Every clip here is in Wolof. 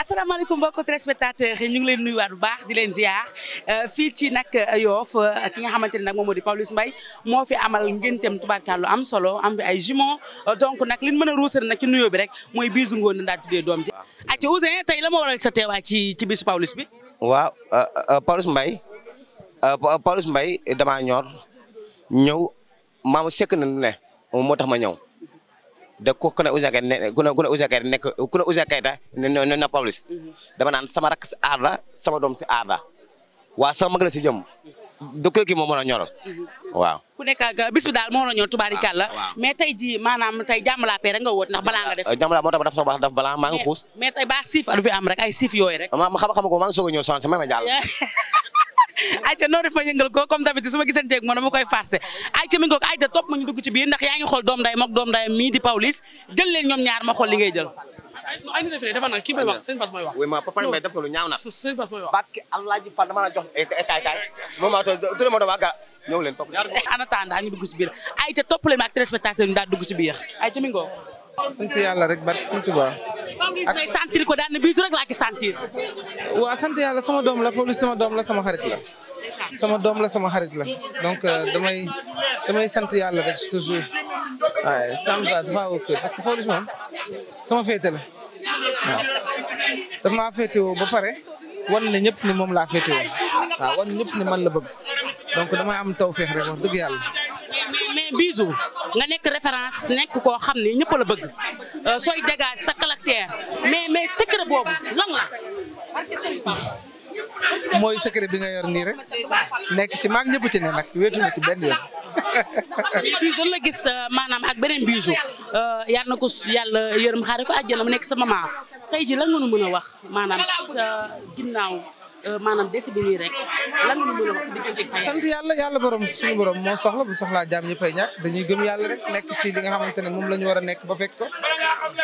asalaamaaleykum mbokki téléspectateurs yi ñu ngi leen nuyuwaat bu baax di leen ziar euh, fii ci nag euh, Yoff euh, ki nga xamante ne nag moom moo di Pawlish Mbaye moo fi amal ngénteem tubaarkaal lu am solo am bi ay jumeaux donc nag li ñu mën a ruusal nag ci nuyoo bi rek mooy biisu ngoon na daal tuddee doom ji. ak ci Ouzin tey la ma waral sa teewaay ci ci bisu bi. waaw Pawlish mbay Pawlish mbay damaa ñor ñëw maamu sekk na ne moo tax ma ñëw. de ku ku ne Ouzin Keita ne ku ne ku nekk ku ne Ouzin Keita ne na Pawlish dama naan sama rak si aar sama doom si aar waa sama mag la si jëm du kii moom mën a ñor waaw. ku nekk ak uh, bis bi daal moo mën a ñor tubaarikàlla. tey jii maanaam tey jàmbala paire nga wóot ndax balaa nga def. Uh, jàmbala moo tax dafa soog def balaa maa xuus. mais tey baa siif am rek ay siif yooyu rek. ma xam ko maa ngi soog a ñëw soxna si ayca noo def ma yëngal ko comme d'habitude su ma gisanteeg moom dama koy farcé ayca mi ngi ko ayca topp ma ñu dugg biir ndax yaa ngi xool doom ndayam ak doom ndayam mii di Pawlish jël leen ñoom ñaar ma xool li ngay jël ay ni na sëñ Bass mooy wax barke Alaaji Fall dama la jox e, e, kaay topp leen ak téléspectateurs ñu daal dugg biir ayca mi ngi ko yàlla rek barke sëñ Tuubaa ak lay sentir ko daan na biitu rek laa ci sentir. waaw sant yàlla sama doom la Pawlish sama doom la sama xarit la. sama doom la sama xarit la donc euh, damay damay sant yàlla rek toujours waaye ça me va droit au parce que Pawlish moom sama féete la waaw. daf maa ba pare wan na ñëpp ni moom laa féetewoo waaw wan ñëpp ni man la bëgg donc damay am tawféex rek wax dëgg yàlla. mais mais nga nekk référence nekk koo xam ne ñëpp la bëgg euh, sooy dégage sa caractère mais mais secret boobu lan la. mooy secret bi nga yor nii rek nekk ci maag ñëpp ci ne nag ci benn yoon. biis doon la gis euh, maanaam ak beneen biisu euh, yàlla na ko yàlla yërëm xaare ko àjjana mu nekk sa maman tey ji la nga nu wax maanaam sa ginnaaw. Euh, maanaam décès bi nii rek la sa sant yàlla yàlla borom suñu borom moo soxla bu soxlaa jaam ñëppay ñàkk dañuy gëm yàlla rek nekk ci li nga xamante ne moom la ñu war a nekk ba fekk ko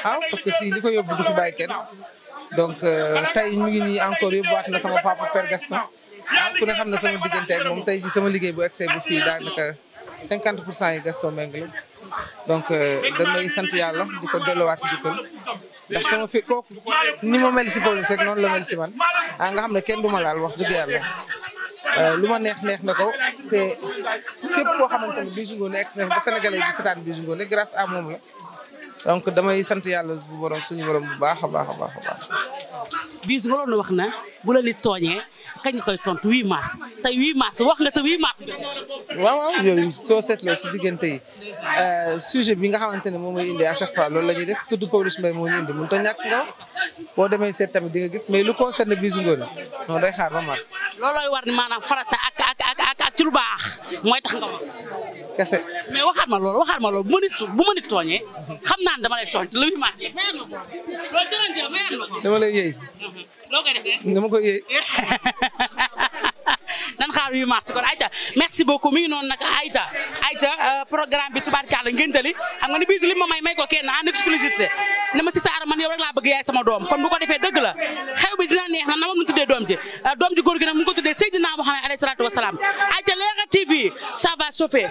waaw ah, parce que fii li ko yóbbu du fi bàyyi kenn donc euh, tey mi ngi nii encore yóbbuwaat na sama papa Père Gaston ah, ku ne xam ne sama diggante ak tey ji sama liggéey bu excès bu fii daanaka cinquante pour cent yi Gaston Mbengue la donc euh, damay sant yàlla di ko delluwaat di ko ndax sama ni ma mel si Pawlish rek noonu la mel ci man ah nga xam ne kenn du ma laal wax dëgg yàlla euh, lu ma neex neex na ko te képp koo xamante ne Bijou Ngoné ex neex ba sénégalais yi di seetaan Bijou Ngoné grâce moom la donc damay sant yàlla bu borom suñu borom bu baax a baax a baax a baax. Bijou nga doon wax na bu la nit tooñee kañ nga koy tontu 8 mars te 8 mars wax nga te 8 mars. waaw waaw yooyu soo seetloo si diggante yi euh, sujet bi nga xamante ne moom mooy indi à chaque fois loolu la ñuy def tudd Pawlish Mbaye moo ñu indi mënut nga wax boo demee set tamit di nga gis mais lu koo concerne Bijou Ngoné non day xaar ba mars. loolooy war ni maanaam farata ak ak ak ak ci lu baax mooy tax nga wax. kese mais waxaat ma loolu waxaat ma loolu bu ma nit bu ma nit dama lay tooñ te lu la mayan loo koy def dama koy yee. nan xaar yu mars kon Aïcha merci beaucoup mi ngi noonu nag Aïcha Aïcha euh, programme bi tubaarkàlla ngéntali xam nga ni bisu li ma may may ko kenn en exclusivité ne ma si saara man yow rek laa bëgg yaay sama doom kon bu ko defee dëgg la xew bi dina neex na na moom nu doom ji euh, doom ji góor gi nag mu ngi ko tuddee Seydina Mouhamed alayhi salaatu wasalaam Aïcha Leral TV ça va chauffer